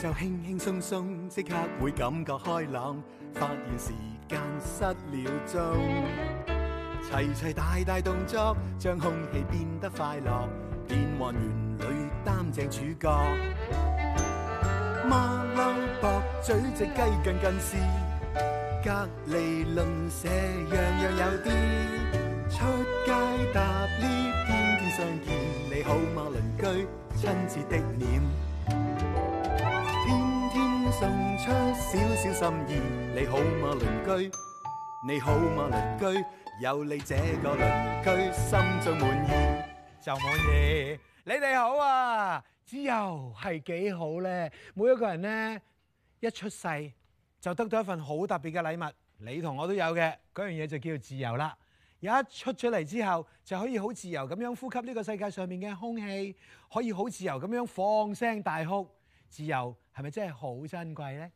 就輕輕鬆鬆，即刻會感覺開朗，發現時間失了蹤。齊齊大大動作，將空氣變得快樂，變幻園裏擔正主角。馬騮駁嘴，隻雞近近視，隔籬鄰舍樣樣有啲。出街搭 lift，天天相見，你好嗎，鄰居？親切的臉。送出少少心意，你好嘛鄰居？你好嘛鄰居？有你這個鄰居，心中滿意就可以。你哋好啊！自由係幾好呢！每一個人呢，一出世就得到一份好特別嘅禮物，你同我都有嘅。嗰樣嘢就叫自由啦。一出咗嚟之後，就可以好自由咁樣呼吸呢個世界上面嘅空氣，可以好自由咁樣放聲大哭，自由。係咪真係好珍貴咧？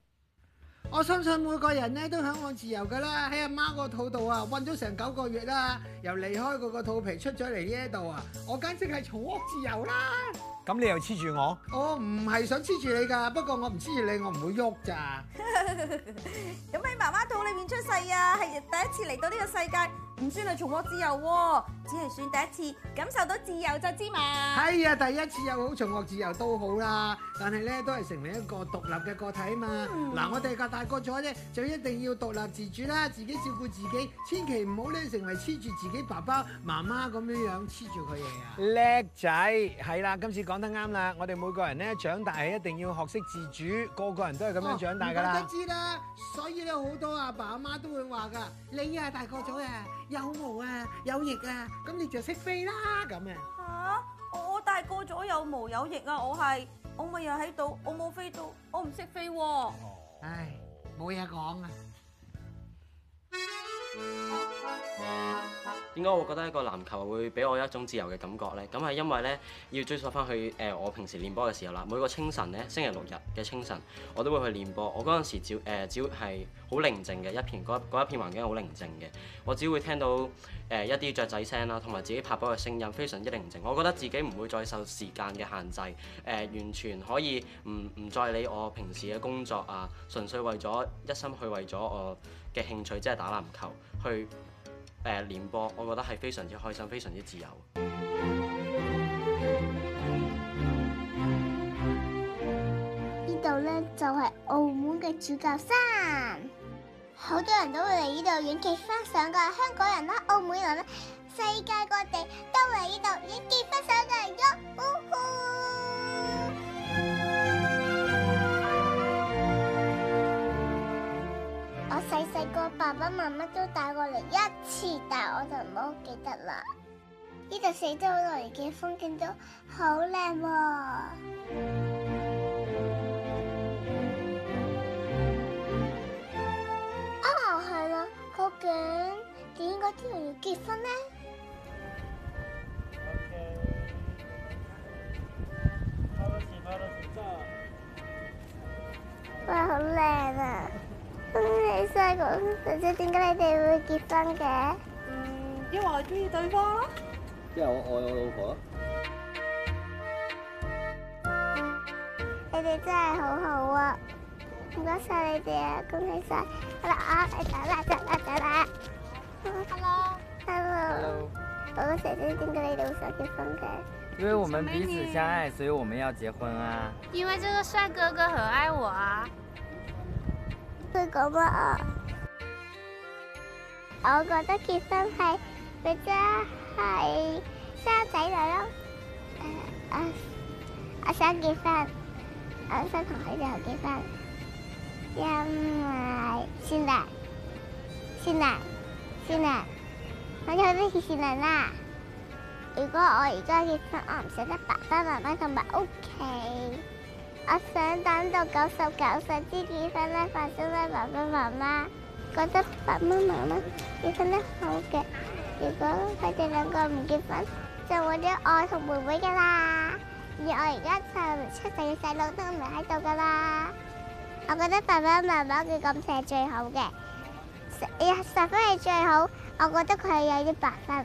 我相信每個人咧都向往自由噶啦，喺阿媽個肚度啊，韞咗成九個月啦，又離開佢個肚皮出咗嚟，呢一度啊，我簡直係重獲自由啦！咁你又黐住我？我唔係想黐住你噶，不過我唔黐住你，我唔會喐咋。咁喺媽媽肚裏面出世啊，係第一次嚟到呢個世界。唔算係重獲自由喎、啊，只係算第一次感受到自由就知嘛。係啊、哎，第一次又好，重獲自由都好啦、啊。但係咧都係成為一個獨立嘅個體啊嘛。嗱、嗯啊，我哋個大個咗咧，就一定要獨立自主啦，自己照顧自己，千祈唔好咧成為黐住自己爸爸媽媽咁樣樣黐住佢嘢啊。叻仔，係啦，今次講得啱啦。我哋每個人咧長大係一定要學識自主，個個人都係咁樣長大噶啦。我都、哦、知啦，所以咧好多阿爸阿媽都會話噶，你係大個咗啊。有毛啊，有翼啊，咁你就識飛啦咁啊！嚇，我大個咗有毛有翼啊，我係我咪又喺度，我冇飛到，我唔識飛喎。唉，冇嘢講啊。點解我會覺得一個籃球會俾我一種自由嘅感覺呢？咁係因為呢，要追溯翻去誒我平時練波嘅時候啦，每個清晨呢，星期六日嘅清晨，我都會去練波。我嗰陣時只誒只係好寧靜嘅一片，一，一片環境好寧靜嘅。我只會聽到誒一啲雀仔聲啦，同埋自己拍波嘅聲音，非常之寧靜。我覺得自己唔會再受時間嘅限制，誒完全可以唔唔再理我平時嘅工作啊，純粹為咗一心去為咗我嘅興趣，即係打籃球去。誒、呃、連播，我覺得係非常之開心，非常之自由。呢度呢，就係、是、澳門嘅主教山，好多人都會嚟呢度影結婚相㗎。香港人啦、澳門人啦、世界各地都嚟呢度影結婚相㗎。Yo, woohoo! 個爸爸媽媽都帶過嚟一次，但係我就唔好記得啦。呢度四周圍嘅風景都、哦哦、好靚喎。啊，係啦，究竟點解啲人要結婚呢？okay。喂，好靚啊！姐姐，點解你哋會結婚嘅？因為中意對方，因為我愛我，我，我老婆。你哋真係好好啊，唔該晒你哋，啊，恭喜晒啦啊啦 hello hello Hello. 我點解你哋會想結婚嘅？啊，因為我們彼此相愛，所以我們要結婚啊！因為這個帥哥哥很愛我啊！佢講乜啊？我覺得結婚係，佢真係生仔女咯。我我想結婚，我想同佢哋又結婚，因為善良、善良、善良，我真係好中意善良啦。如果我而家結婚，我唔捨得爸爸媽媽同埋屋企。我想等到九十九歲先結婚啦，反正爸爸媽媽覺得爸爸媽媽結婚得好嘅。如果佢哋兩個唔結婚，就會有我啲愛同妹妹噶啦。而我而家就七歲嘅細路都唔係喺度噶啦。我覺得爸爸媽媽嘅感情係最好嘅，十十分係最好。我覺得佢係有啲百分。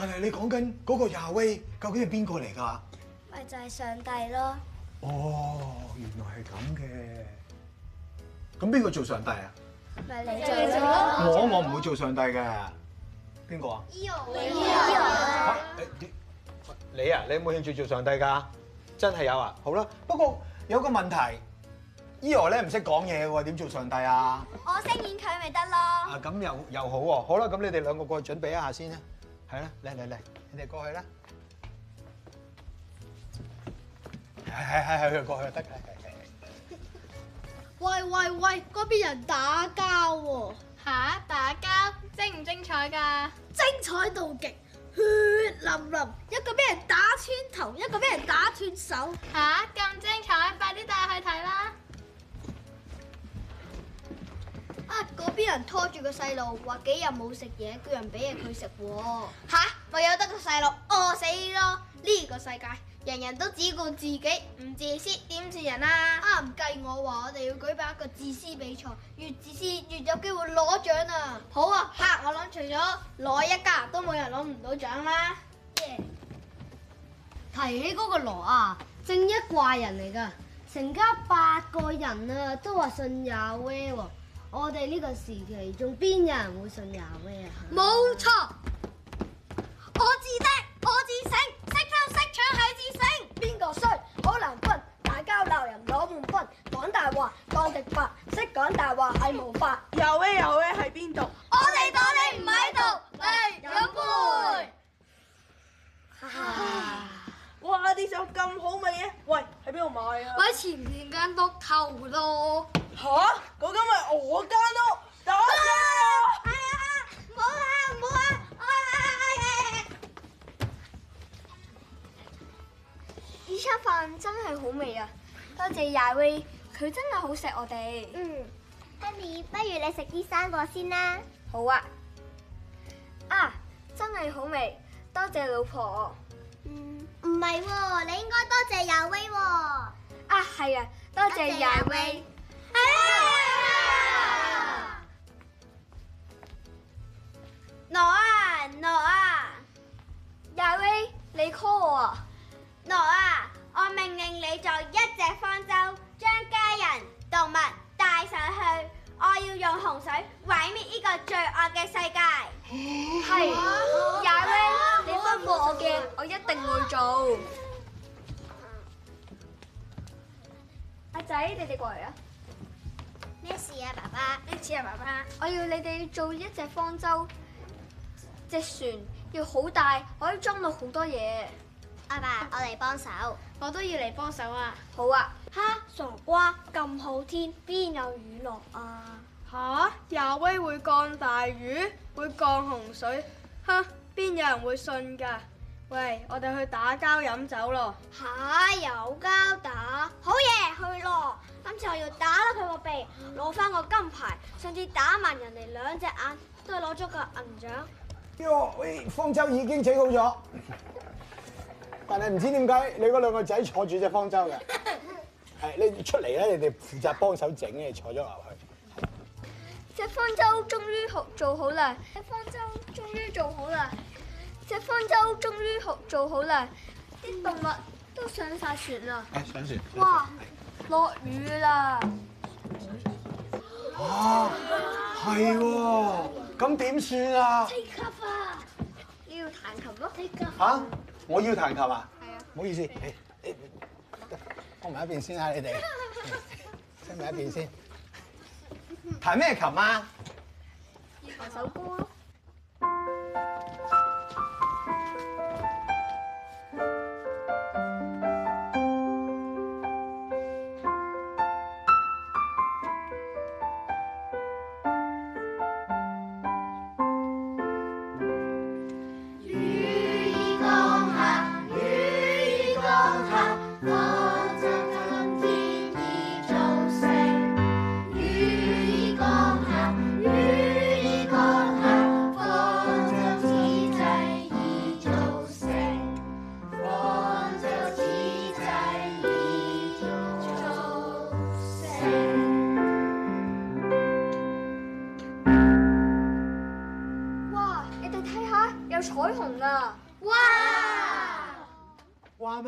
但係你講緊嗰個亞威，究竟係邊個嚟㗎？咪就係上帝咯。哦，原來係咁嘅。咁邊個做上帝啊？咪你做咯，你做咯。我。我我唔會做上帝嘅。邊個啊？伊歐伊歐。你你你啊？你，你有冇興趣做上帝㗎？真係有啊。好啦，不過有個問題，伊歐咧唔識講嘢喎，點做上帝啊？我聲演佢咪得咯。啊，咁又又好喎。好啦，咁你哋兩個過去準備一下先啦。係啦，嚟嚟嚟，你哋過去啦。係係係，過去得。喂喂喂，嗰邊有人打交喎！吓？打交精唔精彩㗎？精彩到極，血淋淋，一個俾人打穿頭，一個俾人打斷手。吓？咁精彩，快啲帶我去睇啦！邊人拖住個細路，話幾日冇食嘢，叫人俾嘢佢食喎？吓哈，唯有得個細路餓死咯！呢、這個世界，人人都只顧自己，唔自私，點算人啊？唔、啊、計我話，我哋要舉辦一個自私比賽，越自私越有機會攞獎啊！好啊，吓哈我諗除咗攞一家，都冇人攞唔到獎啦。Yeah. 提起嗰個羅啊，正一怪人嚟㗎，成家八個人啊，都話信有喎。我哋呢個時期仲邊有人會信有咩啊？冇錯，我自得，我自醒，識偷識搶係自醒。邊個衰好難分，打交鬧人攞滿分，講大話講直白，識講大話係無法。有咩有咩喺邊度？我哋當你唔喺度。嚟飲杯，乾杯唉。哇！呢張咁好味嘅，喂，喺邊度買啊？喺前面間督頭咯。吓！嗰間咪我家咯，打啦、哎！哎呀！冇、哎、啦，啊啊啊啊呢餐飯真係好味啊！多謝 Ray，、ah、佢真係好錫我哋、嗯。嗯，Honey，不如你食啲生果先啦。好啊。啊，真係好味！多謝老婆。嗯，唔係喎，你應該多謝 Ray 喎。啊，係啊，多謝 Ray、ah 挪啊挪啊，亞威你 call 我啊！挪啊，我命令你做一隻方舟，將家人、動物帶上去。我要用洪水毀滅呢個罪惡嘅世界。係，亞威你吩咐我嘅，我一定會做。阿仔，你哋過嚟啊！咩事啊，爸爸？咩事啊，爸爸？我要你哋做一隻方舟。隻船要好大，可以裝到好多嘢。阿爸，爸，我嚟幫手。我都要嚟幫手啊！好啊。哈，傻瓜，咁好天，邊有雨落啊？哈，亞威會降大雨，會降洪水。哈，邊有人會信噶？喂，我哋去打交飲酒咯。吓，有交打，好嘢，去咯。今次我要打甩佢個鼻，攞翻、嗯、個金牌，甚至打盲人哋兩隻眼，都係攞咗個銀獎。叫、哎、方舟已經整好咗，但係唔知點解你嗰兩個仔坐住隻方舟嘅？係，你出嚟啦！你哋負責幫手整嘅，坐咗落去。隻方舟終於好做好啦！隻方舟終於做好啦！隻方舟終於好做好啦！啲動物都上晒船啦！係上船。哇！落雨啦！啊，係喎。咁點算啊 t a 啊，要彈琴咯，啊？嚇、啊，我要彈琴啊？係啊，唔好意思，放埋一邊先啊。你哋，聽埋一邊先。邊先彈咩琴啊？彈首歌、啊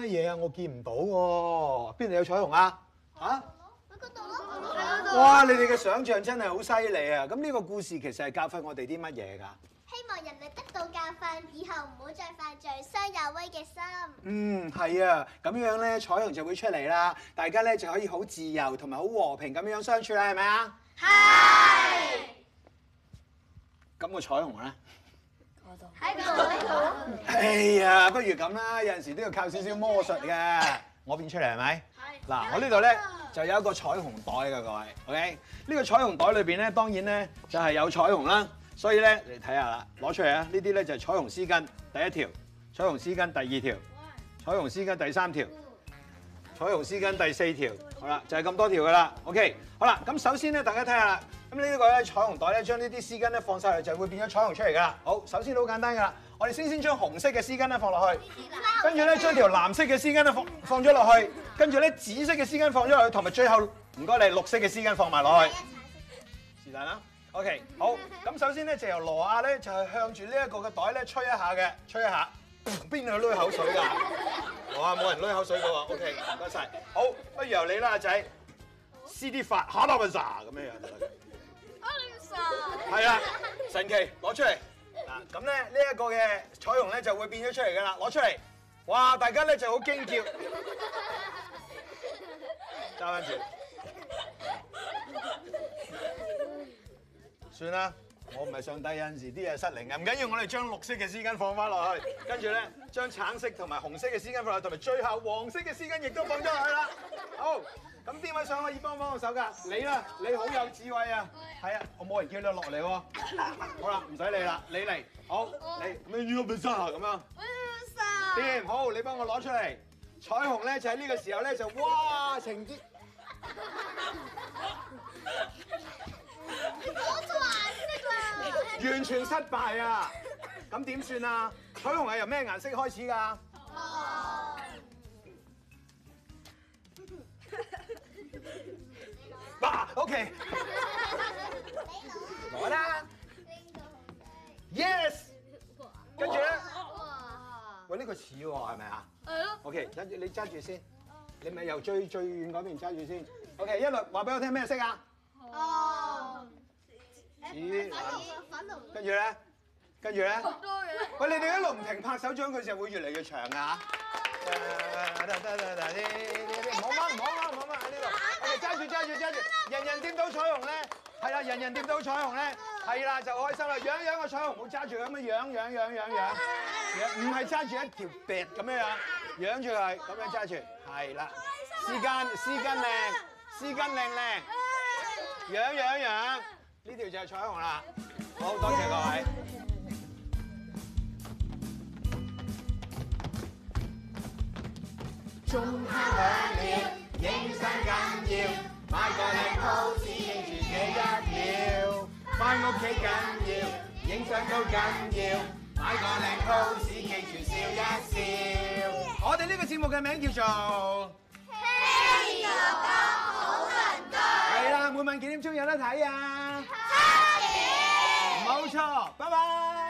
乜嘢啊？我見唔到喎，邊度有彩虹啊？吓？喺嗰度咯。哇！你哋嘅想像真係好犀利啊！咁呢個故事其實係教訓我哋啲乜嘢㗎？希望人類得到教訓，以後唔好再犯罪，傷有威嘅心。嗯，係啊，咁樣咧彩虹就會出嚟啦，大家咧就可以好自由同埋好和平咁樣相處啦，係咪啊？係。咁個彩虹咧？喺個我呢個，哎呀，不如咁啦，有陣時都要靠少少魔術嘅，我變出嚟係咪？係。嗱，我呢度咧就有一個彩虹袋㗎，各位，OK？呢個彩虹袋裏邊咧，當然咧就係有彩虹啦，所以咧你睇下啦，攞出嚟啊！呢啲咧就係彩虹絲巾，第一條，彩虹絲巾，第二條，彩虹絲巾，第三條，彩虹絲巾，第四條。好啦，就係咁多條噶啦，OK。好啦，咁首先咧，大家睇下，咁呢一個咧彩虹袋咧，將呢啲絲巾咧放晒去，就會變咗彩虹出嚟噶啦。好，首先好簡單噶啦，我哋先先將紅色嘅絲巾咧放落去，跟住咧將條藍色嘅絲巾咧放放咗落去，跟住咧紫色嘅絲巾放咗落去，同埋最後唔該你綠色嘅絲巾放埋落去，是但啦。OK，好。咁首先咧就由羅亞咧就係向住呢一個嘅袋咧吹一下嘅，吹一下。邊度攞口水㗎？哇！冇人攞口水噶喎。OK，唔該晒。好，不如由你啦，阿仔。C D 法，Conversa，咁樣樣。Conversa。係啦，神奇，攞出嚟。嗱，咁咧呢一個嘅彩虹咧就會變咗出嚟㗎啦，攞出嚟。哇！大家咧就好驚叫。揸翻住。算啦。我唔係上帝，有陣時啲嘢失靈嘅，唔緊要，我哋將綠色嘅絲巾放翻落去，跟住咧將橙色同埋紅色嘅絲巾放落去，同埋最後黃色嘅絲巾亦都放咗落去啦。好，咁邊位想可以幫幫我手㗎？你啦，你好有智慧啊！係啊，我冇人叫你落嚟喎。好啦，唔使你啦，你嚟，好，你咩？邊個變沙盒咁樣？變沙。掂，好，你幫我攞出嚟。彩虹咧就喺呢個時候咧就哇情節。完全失敗啊！咁點算啊？彩虹係由咩顏色開始㗎？哦、oh.。爸、wow,，OK。來啦、wow. yes. wow.。Yes。跟住咧。哇！喂，呢、個似喎，係咪啊？係咯。OK，揸住，你揸住先。你咪由最最遠嗰邊揸住先。OK，一路話俾我聽咩色啊？哦。Oh. 咦，跟住咧，跟住咧，喂，你哋一路唔停拍手掌，佢就會越嚟越長噶嚇。得得得得得，呢呢呢，唔好掹唔好掹唔好掹喺呢度。我哋揸住揸住揸住，人人掂到彩虹咧，係啦，人人掂到彩虹咧，係啦就開心啦。養養個彩虹，唔好揸住咁樣養養養養養，唔係揸住一條辮咁樣養住佢，咁樣揸住，係啦。絲巾絲巾靚，絲巾靚靚，養養養。呢條就係彩虹啦，好多謝各位。仲黑兩秒，影相緊要，買個靚 pose 記住幾一秒，返屋企緊要，影相都緊要，買個靚 pose 記住笑一笑。我哋呢個節目嘅名叫做。係啦，每晚幾點鐘有得睇啊？七點。冇錯，拜拜。